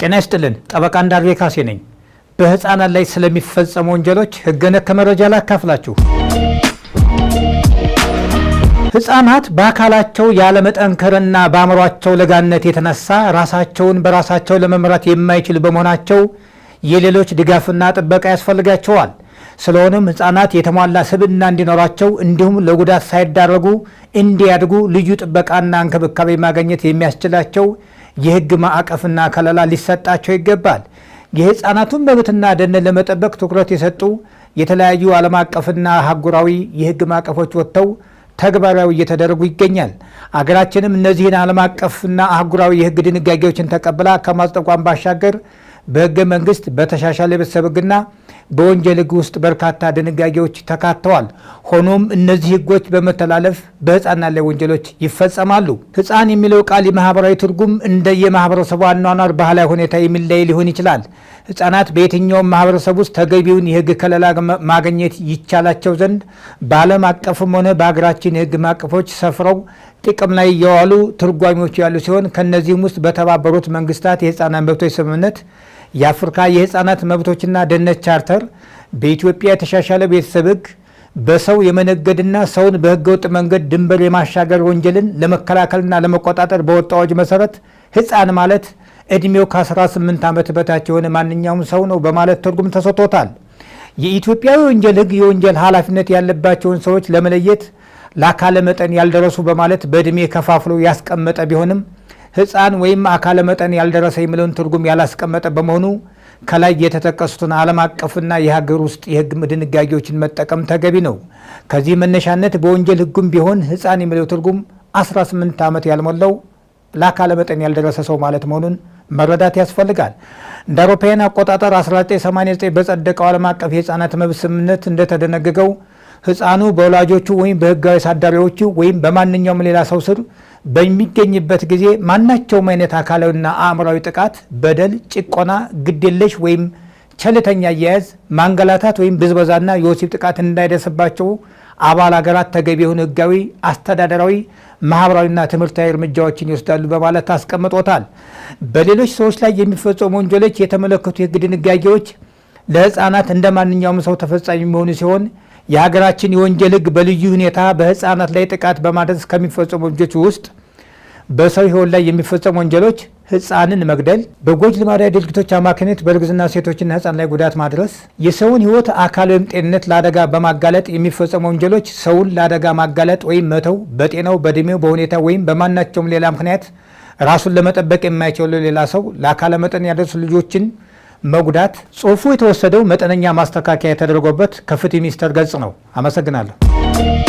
ጤና ይስጥልን። ጠበቃ እንዳርጌ ካሴ ነኝ። በህፃናት ላይ ስለሚፈጸሙ ወንጀሎች ህገ ነክ መረጃ ላካፍላችሁ። ህፃናት በአካላቸው ያለመጠንከርና በአእምሯቸው ለጋነት የተነሳ ራሳቸውን በራሳቸው ለመምራት የማይችል በመሆናቸው የሌሎች ድጋፍና ጥበቃ ያስፈልጋቸዋል። ስለሆነም ህፃናት የተሟላ ስብዕና እንዲኖራቸው እንዲሁም ለጉዳት ሳይዳረጉ እንዲያድጉ ልዩ ጥበቃና እንክብካቤ ማግኘት የሚያስችላቸው የህግ ማዕቀፍና ከለላ ሊሰጣቸው ይገባል። የህፃናቱን መብትና ደህንነት ለመጠበቅ ትኩረት የሰጡ የተለያዩ ዓለም አቀፍና አህጉራዊ የህግ ማዕቀፎች ወጥተው ተግባራዊ እየተደረጉ ይገኛል። አገራችንም እነዚህን ዓለም አቀፍና አህጉራዊ የህግ ድንጋጌዎችን ተቀብላ ከማጽደቋን ባሻገር በህገ መንግስት በተሻሻለ የቤተሰብ ህግና በወንጀል ህግ ውስጥ በርካታ ድንጋጌዎች ተካተዋል። ሆኖም እነዚህ ህጎች በመተላለፍ በሕፃናት ላይ ወንጀሎች ይፈጸማሉ። ህፃን የሚለው ቃል የማህበራዊ ትርጉም እንደ የማህበረሰቡ አኗኗር ባህላዊ ሁኔታ የሚለይ ሊሆን ይችላል። ህፃናት በየትኛውም ማህበረሰብ ውስጥ ተገቢውን የህግ ከለላ ማግኘት ይቻላቸው ዘንድ በዓለም አቀፍም ሆነ በሀገራችን የህግ ማቀፎች ሰፍረው ጥቅም ላይ የዋሉ ትርጓሚዎች ያሉ ሲሆን ከእነዚህም ውስጥ በተባበሩት መንግስታት የህፃናት መብቶች ስምምነት የአፍሪካ የህፃናት መብቶችና ደህንነት ቻርተር፣ በኢትዮጵያ የተሻሻለ ቤተሰብ ህግ፣ በሰው የመነገድና ሰውን በህገወጥ መንገድ ድንበር የማሻገር ወንጀልን ለመከላከልና ለመቆጣጠር በወጣዎች አዋጅ መሰረት ህፃን ማለት እድሜው ከ18 ዓመት በታች የሆነ ማንኛውም ሰው ነው በማለት ትርጉም ተሰጥቶታል። የኢትዮጵያ ወንጀል ህግ የወንጀል ኃላፊነት ያለባቸውን ሰዎች ለመለየት ለአካለ መጠን ያልደረሱ በማለት በእድሜ ከፋፍሎ ያስቀመጠ ቢሆንም ሕፃን ወይም አካለ መጠን ያልደረሰ የሚለውን ትርጉም ያላስቀመጠ በመሆኑ ከላይ የተጠቀሱትን ዓለም አቀፍና የሀገር ውስጥ የሕግ ድንጋጌዎችን መጠቀም ተገቢ ነው። ከዚህ መነሻነት በወንጀል ሕጉም ቢሆን ሕፃን የሚለው ትርጉም 18 ዓመት ያልሞላው ለአካለ መጠን ያልደረሰ ሰው ማለት መሆኑን መረዳት ያስፈልጋል። እንደ አውሮፓውያን አቆጣጠር 1989 በጸደቀው ዓለም አቀፍ የሕፃናት መብት ስምምነት እንደተደነገገው ሕፃኑ በወላጆቹ ወይም በሕጋዊ አሳዳሪዎቹ ወይም በማንኛውም ሌላ ሰው ስር በሚገኝበት ጊዜ ማናቸውም አይነት አካላዊና አእምራዊ ጥቃት፣ በደል፣ ጭቆና፣ ግድለሽ ወይም ቸልተኛ አያያዝ፣ ማንገላታት ወይም ብዝበዛና የወሲብ ጥቃት እንዳይደርስባቸው አባል ሀገራት ተገቢ የሆኑ ህጋዊ አስተዳደራዊ፣ ማህበራዊና ትምህርታዊ እርምጃዎችን ይወስዳሉ በማለት አስቀምጦታል። በሌሎች ሰዎች ላይ የሚፈጸሙ ወንጀሎች የተመለከቱ የሕግ ድንጋጌዎች ለህፃናት እንደ ማንኛውም ሰው ተፈጻሚ የሚሆኑ ሲሆን የሀገራችን የወንጀል ህግ በልዩ ሁኔታ በህፃናት ላይ ጥቃት በማድረስ ከሚፈጸሙ ወንጀሎች ውስጥ በሰው ህይወት ላይ የሚፈጸሙ ወንጀሎች ህፃንን መግደል፣ በጎጂ ልማዳዊ ድርጊቶች አማካኝነት በእርግዝና ሴቶችና ህፃን ላይ ጉዳት ማድረስ፣ የሰውን ህይወት አካል ወይም ጤንነት ለአደጋ በማጋለጥ የሚፈጸሙ ወንጀሎች ሰውን ለአደጋ ማጋለጥ ወይም መተው፣ በጤናው በእድሜው በሁኔታ ወይም በማናቸውም ሌላ ምክንያት ራሱን ለመጠበቅ የማይችለው ሌላ ሰው ለአካለ መጠን ያደርሱ ልጆችን መጉዳት ጽሑፉ የተወሰደው መጠነኛ ማስተካከያ የተደረገበት ከፍትህ ሚኒስቴር ገጽ ነው። አመሰግናለሁ።